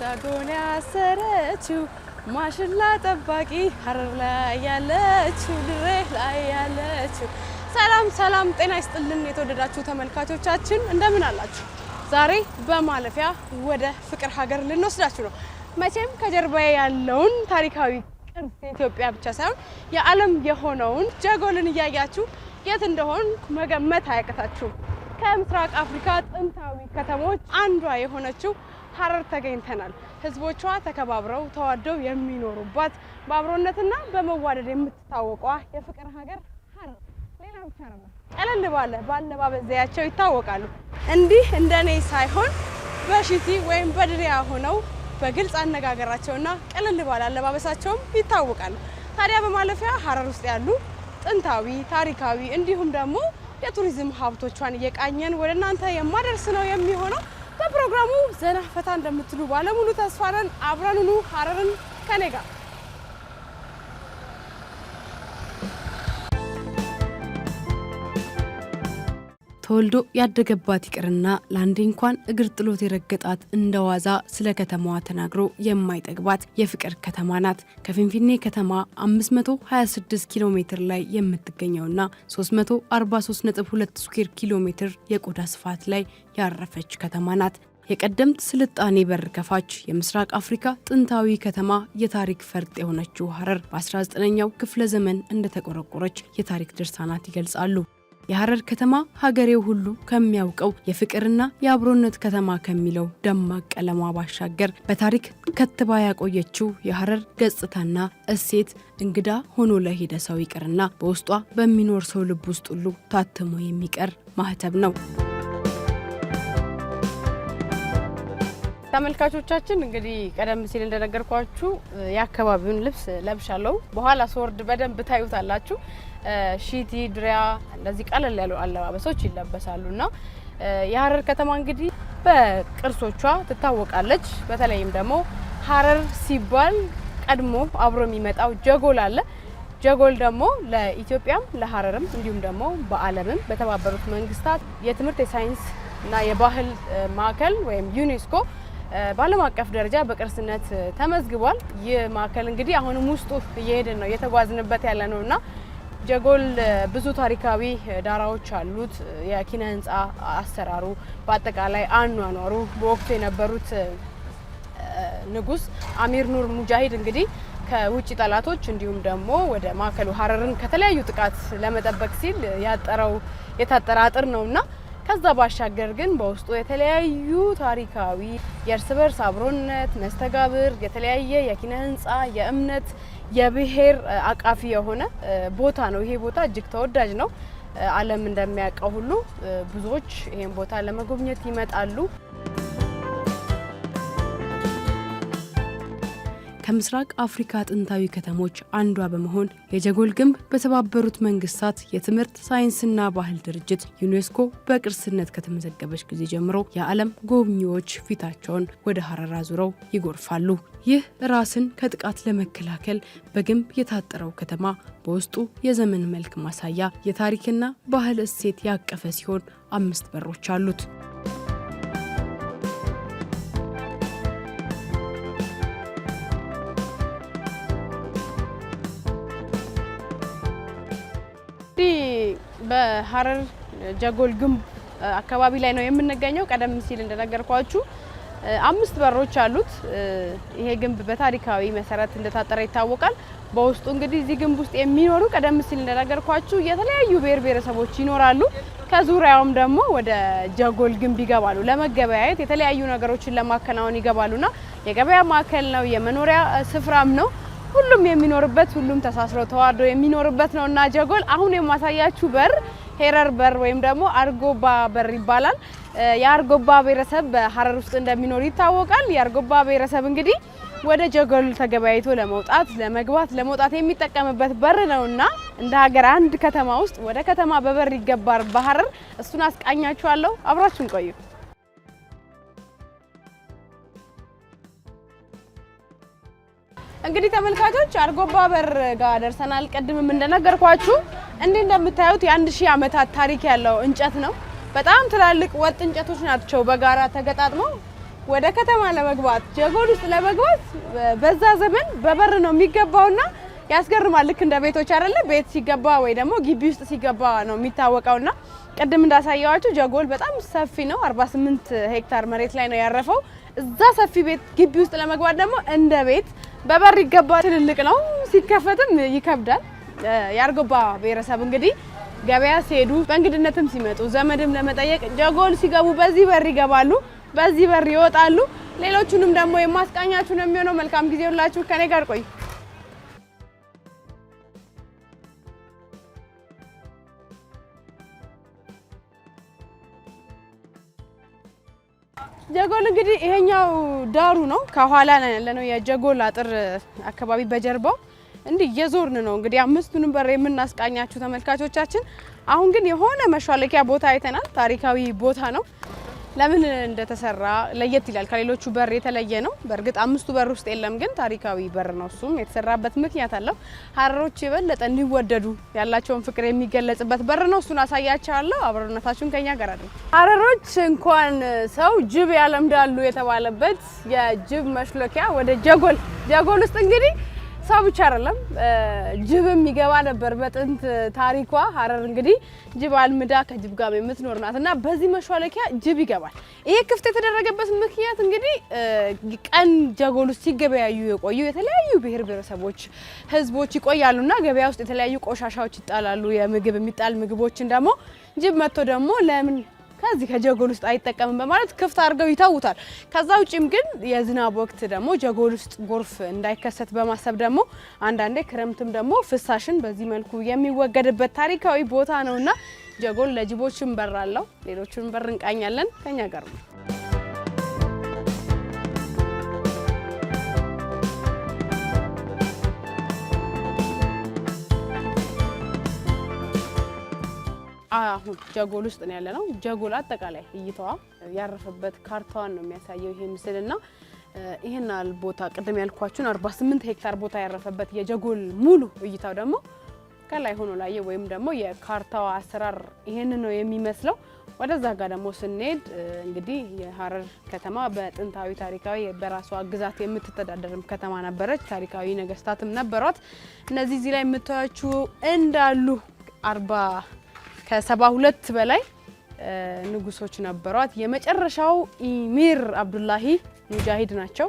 ሳጎን ያሰረችው ማሽላ ጠባቂ ሀረር ላይ ያለችው ድሬ ላይ ያለችው። ሰላም ሰላም፣ ጤና ይስጥልን የተወደዳችሁ ተመልካቾቻችን እንደምን አላችሁ? ዛሬ በማለፊያ ወደ ፍቅር ሀገር ልንወስዳችሁ ነው። መቼም ከጀርባዬ ያለውን ታሪካዊ ቅርስ የኢትዮጵያ ብቻ ሳይሆን የዓለም የሆነውን ጀጎልን እያያችሁ የት እንደሆን መገመት አያቅታችሁም። ከምስራቅ አፍሪካ ጥንታዊ ከተሞች አንዷ የሆነችው ሀረር ተገኝተናል። ህዝቦቿ ተከባብረው ተዋደው የሚኖሩባት በአብሮነትና በመዋደድ የምትታወቋ የፍቅር ሀገር ሀረር ሌላ ብቻ ነው። ቀለል ባለ በአለባበስ ዘያቸው ይታወቃሉ። እንዲህ እንደኔ ሳይሆን በሽቲ ወይም በድሪያ ሆነው በግልጽ አነጋገራቸውና ቀለል ባለ አለባበሳቸውም ይታወቃሉ። ታዲያ በማለፊያ ሀረር ውስጥ ያሉ ጥንታዊ ታሪካዊ እንዲሁም ደግሞ የቱሪዝም ሀብቶቿን እየቃኘን ወደ እናንተ የማደርስ ነው የሚሆነው። በፕሮግራሙ ዘና ፈታ እንደምትሉ ባለሙሉ ተስፋ ነን። አብረን ኑ። ሀረርን ከኔ ጋር ተወልዶ ያደገባት ይቅርና ለአንዴ እንኳን እግር ጥሎት የረገጣት እንደ ዋዛ ስለ ከተማዋ ተናግሮ የማይጠግባት የፍቅር ከተማ ናት። ከፊንፊኔ ከተማ 526 ኪሎ ሜትር ላይ የምትገኘውና 343.2 ስኩዌር ኪሎ ሜትር የቆዳ ስፋት ላይ ያረፈች ከተማ ናት። የቀደምት ስልጣኔ በር ከፋች የምስራቅ አፍሪካ ጥንታዊ ከተማ የታሪክ ፈርጥ የሆነችው ሀረር በ19ኛው ክፍለ ዘመን እንደተቆረቆረች የታሪክ ድርሳናት ይገልጻሉ። የሐረር ከተማ ሀገሬው ሁሉ ከሚያውቀው የፍቅርና የአብሮነት ከተማ ከሚለው ደማቅ ቀለሟ ባሻገር በታሪክ ከትባ ያቆየችው የሐረር ገጽታና እሴት እንግዳ ሆኖ ለሄደ ሰው ይቅርና በውስጧ በሚኖር ሰው ልብ ውስጥ ሁሉ ታትሞ የሚቀር ማህተብ ነው። ተመልካቾቻችን እንግዲህ ቀደም ሲል እንደነገርኳችሁ የአካባቢውን ልብስ ለብሻለሁ። በኋላ ስወርድ በደንብ ታዩታላችሁ። ሺቲ ድሪያ፣ እንደዚህ ቀለል ያሉ አለባበሶች ይለበሳሉ እና የሀረር ከተማ እንግዲህ በቅርሶቿ ትታወቃለች። በተለይም ደግሞ ሀረር ሲባል ቀድሞ አብሮ የሚመጣው ጀጎል አለ። ጀጎል ደግሞ ለኢትዮጵያም ለሀረርም እንዲሁም ደግሞ በዓለምም በተባበሩት መንግስታት የትምህርት የሳይንስ እና የባህል ማዕከል ወይም ዩኔስኮ በዓለም አቀፍ ደረጃ በቅርስነት ተመዝግቧል። ይህ ማዕከል እንግዲህ አሁንም ውስጡ እየሄድን ነው እየተጓዝንበት ያለ ነው እና ጀጎል ብዙ ታሪካዊ ዳራዎች አሉት። የኪነ ህንፃ አሰራሩ፣ በአጠቃላይ አኗኗሩ፣ በወቅቱ የነበሩት ንጉስ አሚር ኑር ሙጃሂድ እንግዲህ ከውጭ ጠላቶች እንዲሁም ደግሞ ወደ ማዕከሉ ሀረርን ከተለያዩ ጥቃት ለመጠበቅ ሲል ያጠረው የታጠረ አጥር ነውና ከዛ ባሻገር ግን በውስጡ የተለያዩ ታሪካዊ የእርስ በርስ አብሮነት፣ መስተጋብር፣ የተለያየ የኪነ ህንፃ፣ የእምነት፣ የብሔር አቃፊ የሆነ ቦታ ነው። ይሄ ቦታ እጅግ ተወዳጅ ነው። ዓለም እንደሚያውቀው ሁሉ ብዙዎች ይህን ቦታ ለመጎብኘት ይመጣሉ። ከምስራቅ አፍሪካ ጥንታዊ ከተሞች አንዷ በመሆን የጀጎል ግንብ በተባበሩት መንግስታት የትምህርት ሳይንስና ባህል ድርጅት ዩኔስኮ በቅርስነት ከተመዘገበች ጊዜ ጀምሮ የዓለም ጎብኚዎች ፊታቸውን ወደ ሀረራ ዙረው ይጎርፋሉ። ይህ ራስን ከጥቃት ለመከላከል በግንብ የታጠረው ከተማ በውስጡ የዘመን መልክ ማሳያ፣ የታሪክና ባህል እሴት ያቀፈ ሲሆን አምስት በሮች አሉት። በሀረር ጀጎል ግንብ አካባቢ ላይ ነው የምንገኘው። ቀደም ሲል እንደነገርኳችሁ አምስት በሮች አሉት። ይሄ ግንብ በታሪካዊ መሰረት እንደታጠረ ይታወቃል። በውስጡ እንግዲህ እዚህ ግንብ ውስጥ የሚኖሩ ቀደም ሲል እንደነገርኳችሁ የተለያዩ ብሔር ብሔረሰቦች ይኖራሉ። ከዙሪያውም ደግሞ ወደ ጀጎል ግንብ ይገባሉ። ለመገበያየት የተለያዩ ነገሮችን ለማከናወን ይገባሉና የገበያ ማዕከል ነው፣ የመኖሪያ ስፍራም ነው። ሁሉም የሚኖርበት ሁሉም ተሳስሮ ተዋዶ የሚኖርበት ነው እና ጀጎል አሁን የማሳያችሁ በር ሄረር በር ወይም ደግሞ አርጎባ በር ይባላል። የአርጎባ ብሔረሰብ በሀረር ውስጥ እንደሚኖር ይታወቃል። የአርጎባ ብሔረሰብ እንግዲህ ወደ ጀጎል ተገበያይቶ ለመውጣት ለመግባት ለመውጣት የሚጠቀምበት በር ነው እና እንደ ሀገር አንድ ከተማ ውስጥ ወደ ከተማ በበር ይገባል በሀረር እሱን አስቃኛችኋለሁ። አብራችሁን ቆዩ። እንግዲህ ተመልካቾች አርጎባ በር ጋር ደርሰናል። ቅድምም እንደነገርኳችሁ እንዲህ እንደምታዩት የአንድ ሺህ ዓመታት ታሪክ ያለው እንጨት ነው። በጣም ትላልቅ ወጥ እንጨቶች ናቸው በጋራ ተገጣጥመው ወደ ከተማ ለመግባት ጀጎል ውስጥ ለመግባት በዛ ዘመን በበር ነው የሚገባውና ያስገርማል። ልክ እንደ ቤቶች አይደለ? ቤት ሲገባ ወይ ደግሞ ግቢ ውስጥ ሲገባ ነው የሚታወቀውና ቅድም እንዳሳየዋችሁ ጀጎል በጣም ሰፊ ነው። 48 ሄክታር መሬት ላይ ነው ያረፈው። እዛ ሰፊ ቤት ግቢ ውስጥ ለመግባት ደግሞ እንደ ቤት በበር ይገባ ትልልቅ ነው፣ ሲከፈትም ይከብዳል። የአርጎባ ብሔረሰብ እንግዲህ ገበያ ሲሄዱ በእንግድነትም ሲመጡ ዘመድም ለመጠየቅ ጀጎል ሲገቡ በዚህ በር ይገባሉ፣ በዚህ በር ይወጣሉ። ሌሎቹንም ደግሞ የማስቃኛችሁ ነው የሚሆነው። መልካም ጊዜ ሁላችሁ ከኔ ጋር ቆይ ጀጎል እንግዲህ ይሄኛው ዳሩ ነው። ከኋላ ያለ ነው የጀጎል አጥር አካባቢ በጀርባው እንዲህ የዞርን ነው እንግዲህ አምስቱንም በር የምናስቃኛችሁ ተመልካቾቻችን። አሁን ግን የሆነ መሿለኪያ ቦታ አይተናል። ታሪካዊ ቦታ ነው። ለምን እንደተሰራ ለየት ይላል። ከሌሎቹ በር የተለየ ነው። በእርግጥ አምስቱ በር ውስጥ የለም፣ ግን ታሪካዊ በር ነው። እሱም የተሰራበት ምክንያት አለው። ሀረሮች የበለጠ እንዲወደዱ ያላቸውን ፍቅር የሚገለጽበት በር ነው። እሱን አሳያቸዋለሁ አብረነታችሁን ከኛ ጋር አድርጉ። ሀረሮች እንኳን ሰው ጅብ ያለምዳሉ የተባለበት የጅብ መሽለኪያ ወደ ጀጎል ጀጎል ውስጥ እንግዲህ እሷ ብቻ አይደለም ጅብም ይገባ ነበር። በጥንት ታሪኳ ሀረር እንግዲህ ጅብ አልምዳ ከጅብ ጋር የምትኖር ናት እና በዚህ መሿለኪያ ጅብ ይገባል። ይሄ ክፍት የተደረገበት ምክንያት እንግዲህ ቀን ጀጎል ውስጥ ሲገበያዩ የቆዩ የተለያዩ ብሔር ብሔረሰቦች ህዝቦች ይቆያሉ እና ገበያ ውስጥ የተለያዩ ቆሻሻዎች ይጣላሉ። የምግብ የሚጣል ምግቦችን ደግሞ ጅብ መጥቶ ደግሞ ለምን ከዚህ ከጀጎል ውስጥ አይጠቀምም በማለት ክፍት አድርገው ይተውታል። ከዛ ውጭም ግን የዝናብ ወቅት ደግሞ ጀጎል ውስጥ ጎርፍ እንዳይከሰት በማሰብ ደግሞ አንዳንዴ ክረምትም ደግሞ ፍሳሽን በዚህ መልኩ የሚወገድበት ታሪካዊ ቦታ ነውና ጀጎል ለጅቦችን በር አለው። ሌሎችን በር እንቃኛለን። ከኛ ጋር ነው። አሁን ጀጎል ውስጥ ነው ያለ ነው። ጀጎል አጠቃላይ እይታዋ ያረፈበት ካርታዋን ነው የሚያሳየው ይሄ ምስል እና ይህን ቦታ ቅድም ያልኳችሁን 48 ሄክታር ቦታ ያረፈበት የጀጎል ሙሉ እይታው ደግሞ ከላይ ሆኖ ላየ ወይም ደግሞ የካርታዋ አሰራር ይህን ነው የሚመስለው። ወደዛ ጋር ደግሞ ስንሄድ እንግዲህ የሀረር ከተማ በጥንታዊ ታሪካዊ በራሷ ግዛት የምትተዳደርም ከተማ ነበረች። ታሪካዊ ነገስታትም ነበሯት። እነዚህ እዚህ ላይ የምታያችሁ እንዳሉ አርባ ከሰባ ሁለት በላይ ንጉሶች ነበሯት። የመጨረሻው ኢሚር አብዱላሂ ሙጃሂድ ናቸው።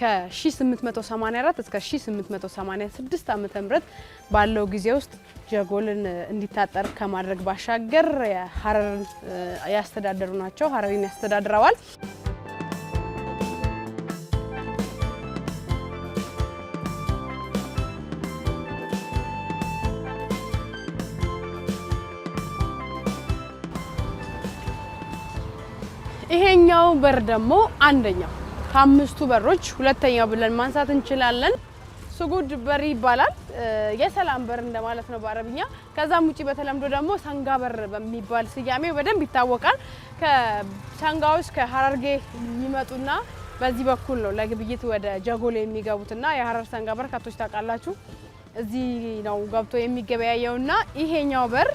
ከ1884 እስከ 1886 ዓመተ ምህረት ባለው ጊዜ ውስጥ ጀጎልን እንዲታጠር ከማድረግ ባሻገር ሀረርን ያስተዳደሩ ናቸው። ሀረሪን ያስተዳድረዋል። ሁለተኛው በር ደግሞ አንደኛው ከአምስቱ በሮች ሁለተኛው ብለን ማንሳት እንችላለን። ስጉድ በር ይባላል። የሰላም በር እንደማለት ነው በአረብኛ። ከዛም ውጪ በተለምዶ ደግሞ ሰንጋ በር በሚባል ስያሜ በደንብ ይታወቃል። ከሰንጋዎች ከሀረርጌ የሚመጡና በዚህ በኩል ነው ለግብይት ወደ ጀጎል የሚገቡትና የሀረር ሰንጋ ካቶች ታውቃላችሁ። እዚህ ነው ገብቶ የሚገበያየውና ይሄኛው በር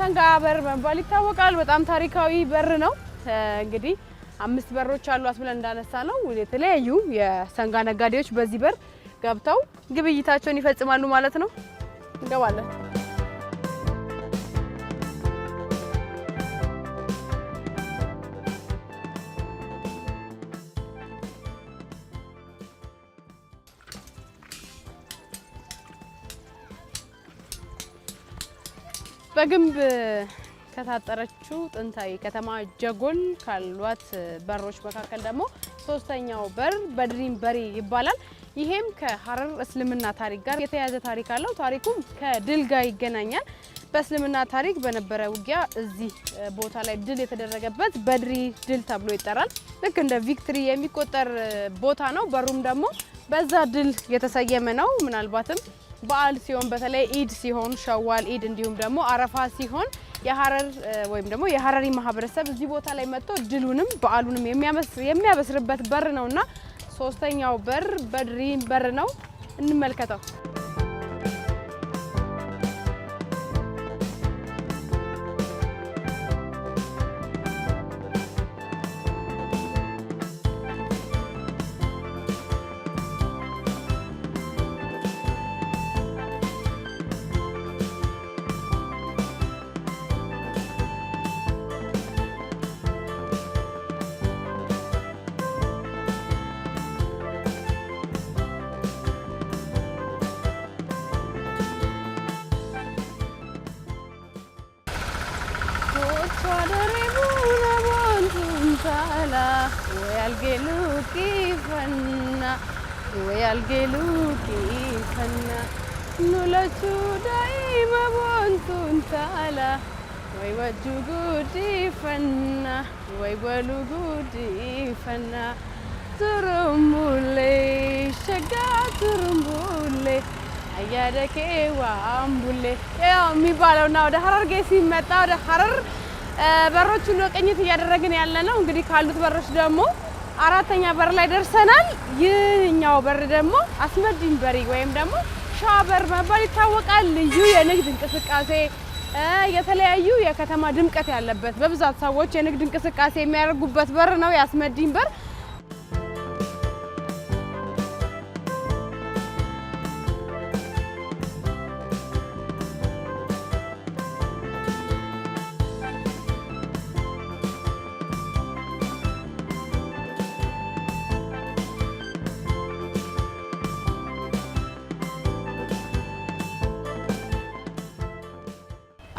ሰንጋ በር በመባል ይታወቃል። በጣም ታሪካዊ በር ነው እንግዲህ አምስት በሮች አሏት ብለን እንዳነሳ ነው የተለያዩ የሰንጋ ነጋዴዎች በዚህ በር ገብተው ግብይታቸውን ይፈጽማሉ ማለት ነው። እንገባለን። በግንብ ከታጠረችው ጥንታዊ ከተማ ጀጎል ካሏት በሮች መካከል ደግሞ ሶስተኛው በር በድሪም በሪ ይባላል። ይሄም ከሀረር እስልምና ታሪክ ጋር የተያያዘ ታሪክ አለው። ታሪኩም ከድል ጋር ይገናኛል። በእስልምና ታሪክ በነበረ ውጊያ እዚህ ቦታ ላይ ድል የተደረገበት በድሪ ድል ተብሎ ይጠራል። ልክ እንደ ቪክትሪ የሚቆጠር ቦታ ነው። በሩም ደግሞ በዛ ድል የተሰየመ ነው። ምናልባትም በዓል ሲሆን በተለይ ኢድ ሲሆን ሸዋል ኢድ እንዲሁም ደግሞ አረፋ ሲሆን የሀረር ወይም ደግሞ የሀረሪ ማህበረሰብ እዚህ ቦታ ላይ መጥቶ ድሉንም በዓሉንም የሚያበስርበት በር ነውና ሶስተኛው በር በድሪ በር ነው። እንመልከተው። అల్గేలుకి ఫన్న ఇవై అల్గేలుకి ఫన్న నులచు దైమ వంతుంతాల వైవజ్జు గుడి ఫన్న వైవలు గుడి ఫన్న తురుములే షగా తురుములే አያደኬ ዋምቡሌ የሚባለው እና ወደ ሀረርጌ ሲመጣ ወደ ሀረር በሮች ሁሉ ቅኝት እያደረግን ያለ ነው። እንግዲህ ካሉት በሮች ደግሞ አራተኛ በር ላይ ደርሰናል። ይህኛው በር ደግሞ አስመዲን በሪ ወይም ደግሞ ሸዋ በር በመባል ይታወቃል። ልዩ የንግድ እንቅስቃሴ የተለያዩ የከተማ ድምቀት ያለበት በብዛት ሰዎች የንግድ እንቅስቃሴ የሚያደርጉበት በር ነው የአስመዲን በር።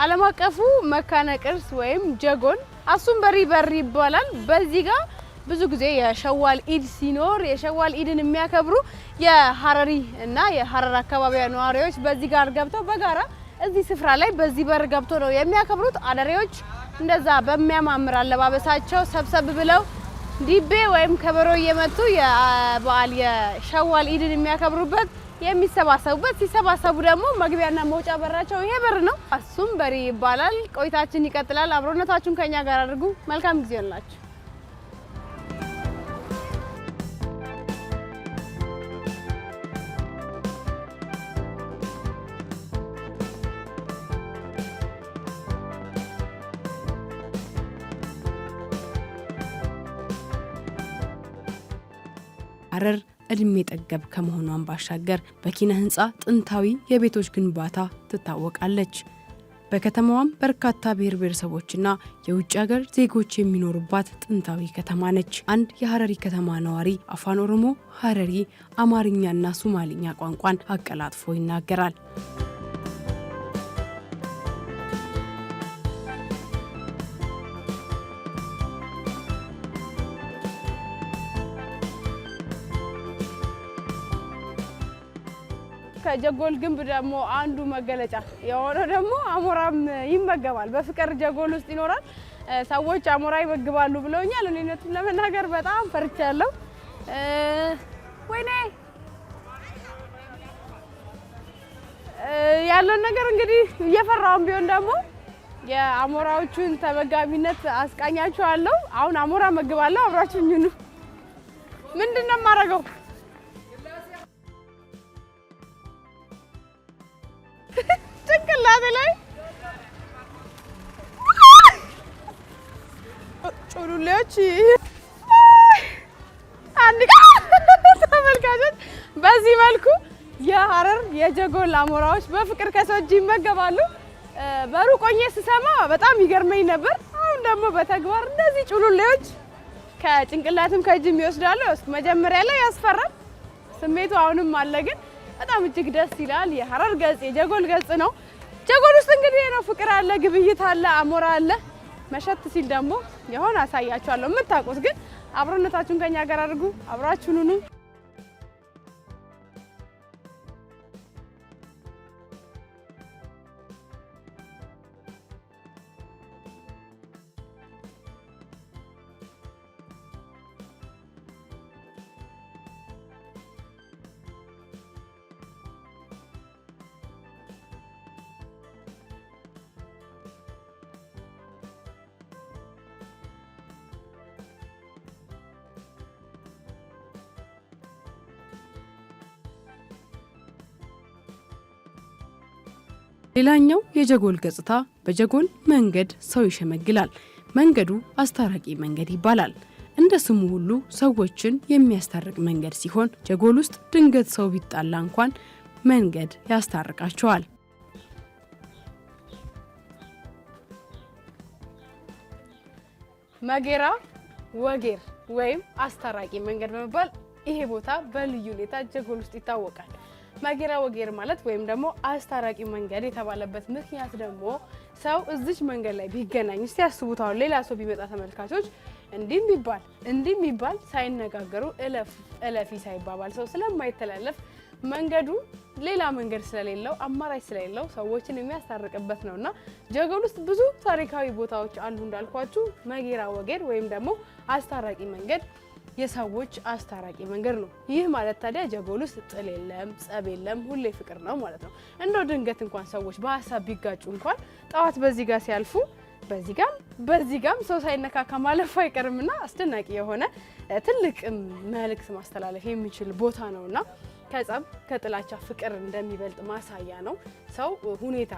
ዓለም አቀፉ መካነ ቅርስ ወይም ጀጎል አሱንበሪ በር ይባላል። በዚህ ጋር ብዙ ጊዜ የሸዋል ኢድ ሲኖር የሸዋል ኢድን የሚያከብሩ የሀረሪ እና የሀረር አካባቢያ ነዋሪዎች በዚህ ጋር ገብተው በጋራ እዚህ ስፍራ ላይ በዚህ በር ገብቶ ነው የሚያከብሩት። አደሬዎች እንደዛ በሚያማምር አለባበሳቸው ሰብሰብ ብለው ዲቤ ወይም ከበሮ እየመቱ የበዓል የሸዋል ኢድን የሚያከብሩበት የሚሰባሰቡበት ሲሰባሰቡ ደግሞ መግቢያና መውጫ በራቸው ይሄ በር ነው። እሱም በሪ ይባላል። ቆይታችን ይቀጥላል። አብሮነታችሁን ከኛ ጋር አድርጉ። መልካም ጊዜ ሆንላችሁ። ሐረር እድሜ ጠገብ ከመሆኗን ባሻገር በኪነ ህንፃ ጥንታዊ የቤቶች ግንባታ ትታወቃለች። በከተማዋም በርካታ ብሔር ብሔረሰቦችና የውጭ ሀገር ዜጎች የሚኖሩባት ጥንታዊ ከተማ ነች። አንድ የሀረሪ ከተማ ነዋሪ አፋን ኦሮሞ፣ ሀረሪ፣ አማርኛና ሱማሊኛ ቋንቋን አቀላጥፎ ይናገራል። ከጀጎል ግንብ ደግሞ አንዱ መገለጫ የሆነ ደግሞ አሞራም ይመገባል። በፍቅር ጀጎል ውስጥ ይኖራል። ሰዎች አሞራ ይመግባሉ ብለውኛል። እውነቱን ለመናገር በጣም ፈርቻለሁ። ወይኔ ያለውን ነገር እንግዲህ እየፈራውም ቢሆን ደግሞ የአሞራዎቹን ተመጋቢነት አስቃኛችኋለሁ። አሁን አሞራ መግባለሁ። አብራችሁኝ ምንድን ነው የማደርገው? ጭንቅላቴ ላይ ጮሉሌዎች ተመልካቾች በዚህ መልኩ የሀረር የጀጎል አሞራዎች በፍቅር ከሰው እጅ ይመገባሉ። በሩቅ ሆኜ ስሰማ በጣም ይገርመኝ ነበር። አሁን ደግሞ በተግባር እንደዚህ ጩሉሌዎች ከጭንቅላትም ከእጅም ይወስዳሉ። መጀመሪያ ላይ ያስፈራል ስሜቱ፣ አሁንም አለ ግን በጣም እጅግ ደስ ይላል። የሀረር ገጽ የጀጎል ገጽ ነው። ጀጎል ውስጥ እንግዲህ ነው ፍቅር አለ፣ ግብይት አለ፣ አሞራ አለ። መሸት ሲል ደግሞ የሆነ አሳያችኋለሁ። የምታውቁት ግን አብሮነታችሁን ከኛ ጋር አድርጉ። አብራችሁን ሌላኛው የጀጎል ገጽታ በጀጎል መንገድ ሰው ይሸመግላል። መንገዱ አስታራቂ መንገድ ይባላል። እንደ ስሙ ሁሉ ሰዎችን የሚያስታርቅ መንገድ ሲሆን ጀጎል ውስጥ ድንገት ሰው ቢጣላ እንኳን መንገድ ያስታርቃቸዋል። መጌራ ወጌር ወይም አስታራቂ መንገድ በመባል ይሄ ቦታ በልዩ ሁኔታ ጀጎል ውስጥ ይታወቃል። መጌራ ወጌር ማለት ወይም ደግሞ አስታራቂ መንገድ የተባለበት ምክንያት ደግሞ ሰው እዚች መንገድ ላይ ቢገናኝ እስቲ ያስቡት። አሁን ሌላ ሰው ቢመጣ ተመልካቾች እንዲህ ቢባል እንዲህ ቢባል ሳይነጋገሩ እለፍ እለፊ ሳይባባል ሰው ስለማይተላለፍ መንገዱ ሌላ መንገድ ስለሌለው አማራጭ ስለሌለው ሰዎችን የሚያስታርቅበት ነውና ጀጎል ውስጥ ብዙ ታሪካዊ ቦታዎች አሉ። እንዳልኳችሁ መጌራ ወጌር ወይም ደግሞ አስታራቂ መንገድ የሰዎች አስታራቂ መንገድ ነው። ይህ ማለት ታዲያ ጀጎል ውስጥ ጥል የለም፣ ጸብ የለም፣ ሁሌ ፍቅር ነው ማለት ነው። እንደው ድንገት እንኳን ሰዎች በሀሳብ ቢጋጩ እንኳን ጠዋት በዚህ ጋር ሲያልፉ በዚህ ጋም በዚህ ጋም ሰው ሳይነካካ ማለፉ አይቀርምና አስደናቂ የሆነ ትልቅ መልእክት ማስተላለፍ የሚችል ቦታ ነውና ከጸብ ከጥላቻ ፍቅር እንደሚበልጥ ማሳያ ነው። ሰው ሁኔታ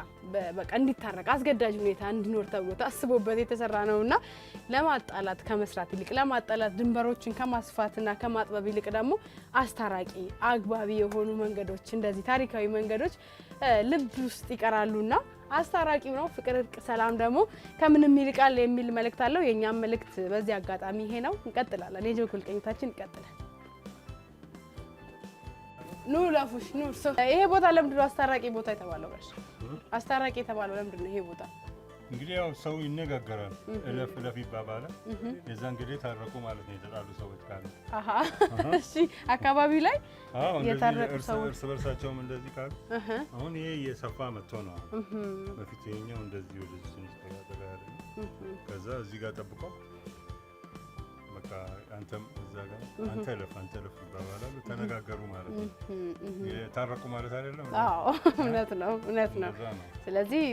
በቃ እንዲታረቅ አስገዳጅ ሁኔታ እንዲኖር ተብሎ ታስቦበት የተሰራ ነውና ለማጣላት ከመስራት ይልቅ ለማጣላት ድንበሮችን ከማስፋትና ከማጥበብ ይልቅ ደግሞ አስታራቂ አግባቢ የሆኑ መንገዶች እንደዚህ ታሪካዊ መንገዶች ልብ ውስጥ ይቀራሉና አስታራቂው ነው ፍቅር፣ እርቅ፣ ሰላም ደግሞ ከምንም ይልቃል የሚል መልእክት አለው። የእኛም መልእክት በዚህ አጋጣሚ ይሄ ነው። እንቀጥላለን። የጆጎል ቅኝታችን ይቀጥላል። ኑ ላፉሽ ኑ። ይሄ ቦታ ለምንድን ነው አስታራቂ ቦታ የተባለው? ጋሽ አስታራቂ የተባለው ለምንድን ነው ይሄ ቦታ? እንግዲህ ያው ሰው ይነጋገራል፣ እለፍ እለፍ ይባባላል። የዛ እንግዲህ ታረቁ ማለት ነው። የተጣሉ ሰዎች ካሉ እሺ፣ አካባቢው ላይ የታረቁ ሰዎች እርስ በርሳቸውም እንደዚህ ካሉ አሁን ይሄ እየሰፋ መጥቶ ነው። በፊት ይኸኛው እንደዚህ ወደዚህ ትንሽ ከዛ እዚህ ጋር ጠብቀው በቃ አንተም እዛ ጋር አንተ እለፍ አንተ እለፍ ይባባላሉ። ተነጋገሩ ማለት ነው። የታረቁ ማለት አይደለም። አዎ እውነት ነው፣ እውነት ነው። ስለዚህ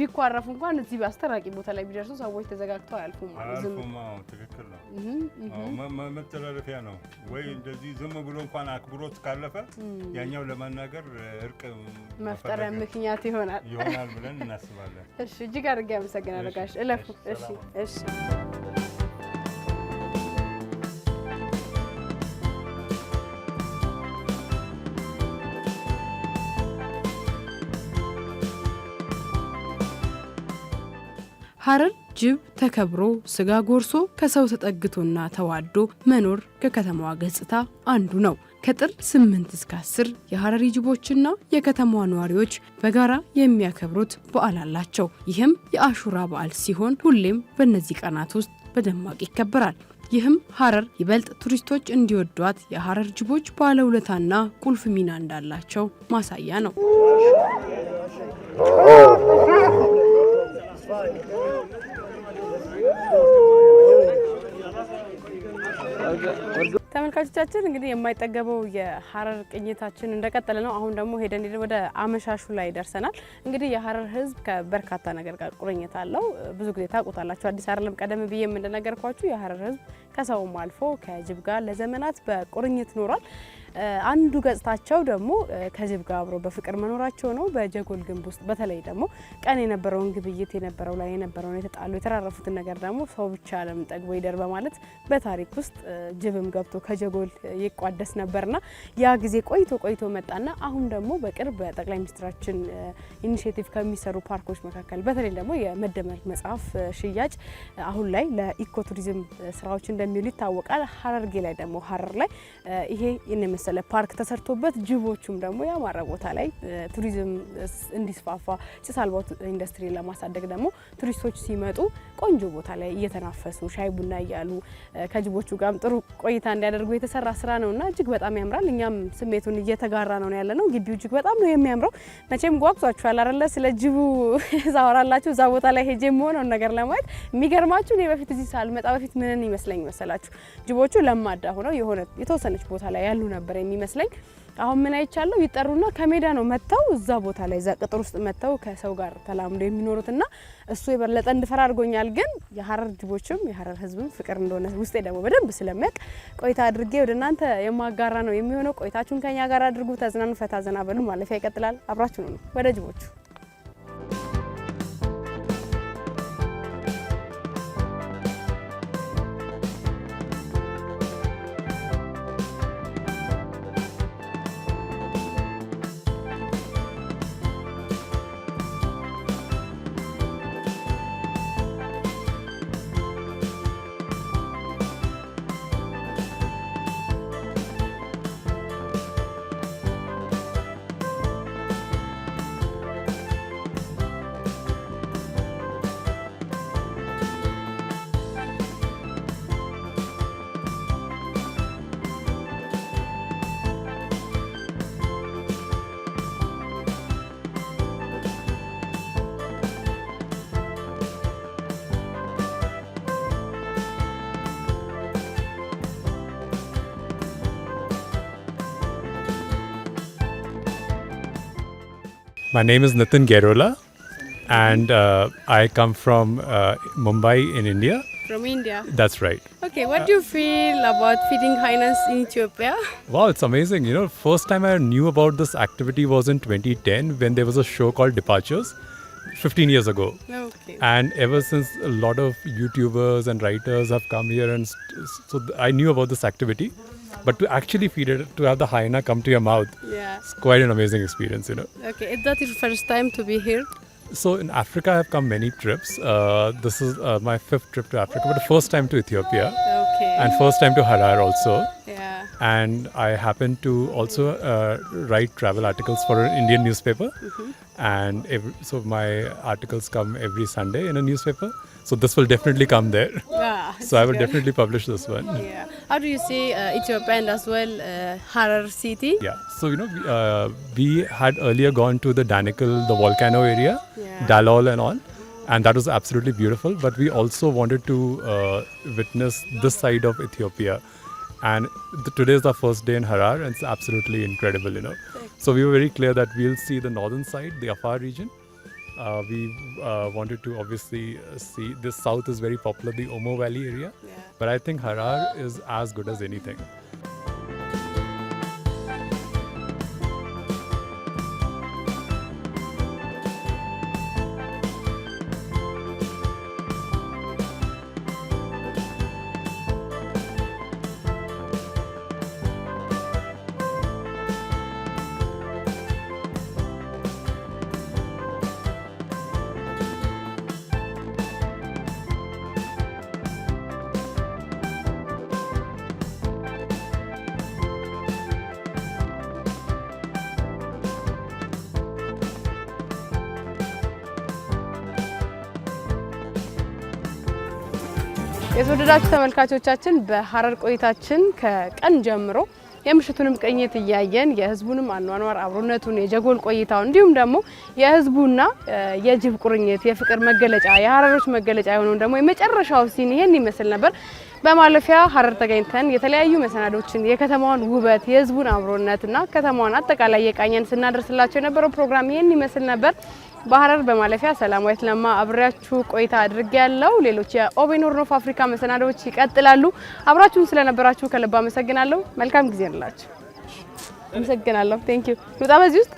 ቢኳረፉ እንኳን እዚህ አስተራቂ ቦታ ላይ ቢደርሱ ሰዎች ተዘጋግተው አያልፉም። አያልፉም። አዎ ትክክል ነው። መተላለፊያ ነው ወይ እንደዚህ ዝም ብሎ እንኳን አክብሮት ካለፈ ያኛው ለማናገር እርቅ መፍጠሪያ ምክንያት ይሆናል ይሆናል ብለን እናስባለን። እሺ፣ እጅግ አድርጌ አመሰግናለሁ ጋሽ እለፉ። እሺ፣ እሺ ሀረር ጅብ ተከብሮ ስጋ ጎርሶ ከሰው ተጠግቶና ተዋዶ መኖር ከከተማዋ ገጽታ አንዱ ነው። ከጥር 8 እስከ 10 የሀረሪ ጅቦችና የከተማዋ ነዋሪዎች በጋራ የሚያከብሩት በዓል አላቸው። ይህም የአሹራ በዓል ሲሆን ሁሌም በእነዚህ ቀናት ውስጥ በደማቅ ይከበራል። ይህም ሀረር ይበልጥ ቱሪስቶች እንዲወዷት የሀረር ጅቦች ባለውለታና ቁልፍ ሚና እንዳላቸው ማሳያ ነው። oh. ተመልካቾቻችን እንግዲህ የማይጠገበው የሀረር ቅኝታችን እንደቀጠለ ነው። አሁን ደግሞ ሄደን ሄደን ወደ አመሻሹ ላይ ደርሰናል። እንግዲህ የሀረር ሕዝብ ከበርካታ ነገር ጋር ቁርኝት አለው። ብዙ ጊዜ ታውቁታላችሁ። አዲስ አይደለም። ቀደም ብዬ እንደነገርኳችሁ የሀረር ሕዝብ ከሰውም አልፎ ከጅብ ጋር ለዘመናት በቁርኝት ኖሯል። አንዱ ገጽታቸው ደግሞ ከጅብ ጋር አብሮ በፍቅር መኖራቸው ነው። በጀጎል ግንብ ውስጥ በተለይ ደግሞ ቀን የነበረውን ግብይት የነበረው ላይ የነበረውን የተጣሉ የተራረፉትን ነገር ደግሞ ሰው ብቻ ለምጠግ ጠግቦ በማለት በታሪክ ውስጥ ጅብም ገብቶ ከጀጎል ይቋደስ ነበርና ያ ጊዜ ቆይቶ ቆይቶ መጣና አሁን ደግሞ በቅርብ በጠቅላይ ሚኒስትራችን ኢኒሽቲቭ ከሚሰሩ ፓርኮች መካከል በተለይ ደግሞ የመደመር መጽሐፍ ሽያጭ አሁን ላይ ለኢኮቱሪዝም ስራዎች እንደሚውሉ ይታወቃል። ሀረርጌ ላይ ደግሞ ሀረር ላይ ይሄ የመሰለ ፓርክ ተሰርቶበት ጅቦቹም ደግሞ ያማረ ቦታ ላይ ቱሪዝም እንዲስፋፋ ጭስ አልባው ኢንዱስትሪ ለማሳደግ ደግሞ ቱሪስቶች ሲመጡ ቆንጆ ቦታ ላይ እየተናፈሱ ሻይ ቡና እያሉ ከጅቦቹ ጋርም ጥሩ ቆይታ እንዲያደርጉ የተሰራ ስራ ነው እና እጅግ በጣም ያምራል። እኛም ስሜቱን እየተጋራ ነው ያለ ነው። ግቢው እጅግ በጣም ነው የሚያምረው። መቼም ጓጉዟችኋል አይደለ? ስለ ጅቡ ዛወራላችሁ እዛ ቦታ ላይ ሄጄ የምሆነውን ነገር ለማየት የሚገርማችሁ እኔ በፊት እዚህ ሳልመጣ በፊት ምንን ይመስለኝ መሰላችሁ ጅቦቹ ለማዳ ሆነው የሆነ የተወሰነች ቦታ ላይ ያሉ ነበር። ነበር የሚመስለኝ። አሁን ምን አይቻለሁ፣ ይጠሩና ከሜዳ ነው መጥተው እዛ ቦታ ላይ እዛ ቅጥር ውስጥ መጥተው ከሰው ጋር ተላምዶ የሚኖሩትና እሱ የበለጠ እንድፈራ አድርጎኛል። ግን የሀረር ድቦችም የሀረር ሕዝብም ፍቅር እንደሆነ ውስጤ ደግሞ በደንብ ስለሚያውቅ ቆይታ አድርጌ ወደ እናንተ የማጋራ ነው የሚሆነው። ቆይታችሁን ከኛ ጋር አድርጉ፣ ተዝናኑ፣ ፈታ ዘና በሉ። ማለፊያ ይቀጥላል። አብራችሁ ነው ወደ ጅቦቹ My name is Nitin Gerola, and uh, I come from uh, Mumbai in India. From India. That's right. Okay, what do you feel about feeding hyenas in Ethiopia? Wow, it's amazing. You know, first time I knew about this activity was in 2010 when there was a show called Departures. 15 years ago. Okay. And ever since, a lot of YouTubers and writers have come here, and st- so th- I knew about this activity. But to actually feed it, to have the hyena come to your mouth, yeah. it's quite an amazing experience, you know. Okay, is that your first time to be here? So in Africa, I've come many trips. Uh, this is uh, my fifth trip to Africa, but the first time to Ethiopia. Oh, Okay. And first time to Harar also. Yeah. And I happened to also uh, write travel articles for an Indian newspaper. Mm-hmm. And every, so my articles come every Sunday in a newspaper. So this will definitely come there. Yeah, so I will good. definitely publish this one. Yeah. How do you see uh, it's your as well, uh, Harar City? Yeah. So you know we, uh, we had earlier gone to the Danakil, the volcano area, yeah. Dalol and all and that was absolutely beautiful. But we also wanted to uh, witness this side of Ethiopia. And today is our first day in Harar, and it's absolutely incredible, you know. So we were very clear that we'll see the northern side, the Afar region. Uh, we uh, wanted to obviously uh, see the south is very popular, the Omo Valley area. Yeah. But I think Harar is as good as anything. የተወደዳችሁ ተመልካቾቻችን በሀረር ቆይታችን ከቀን ጀምሮ የምሽቱንም ቅኝት እያየን የህዝቡንም አኗኗር አብሮነቱን፣ የጀጎል ቆይታው እንዲሁም ደግሞ የህዝቡና የጅብ ቁርኝት የፍቅር መገለጫ የሀረሮች መገለጫ የሆነውን ደግሞ የመጨረሻው ሲን ይሄን ይመስል ነበር። በማለፊያ ሀረር ተገኝተን የተለያዩ መሰናዶችን የከተማዋን ውበት የህዝቡን አብሮነትና ከተማዋን አጠቃላይ የቃኘን ስናደርስላቸው የነበረው ፕሮግራም ይሄን ይመስል ነበር። ባህረር በማለፊያ ሰላማዊት ለማ አብሬያችሁ ቆይታ አድርጌ ያለው። ሌሎች የኦቤን ሆርን ኦፍ አፍሪካ መሰናዶዎች ይቀጥላሉ። አብራችሁን ስለነበራችሁ ከልብ አመሰግናለሁ። መልካም ጊዜ እንላችሁ። አመሰግናለሁ። ቴንክ ዩ። ይውጣ በዚህ ውስጥ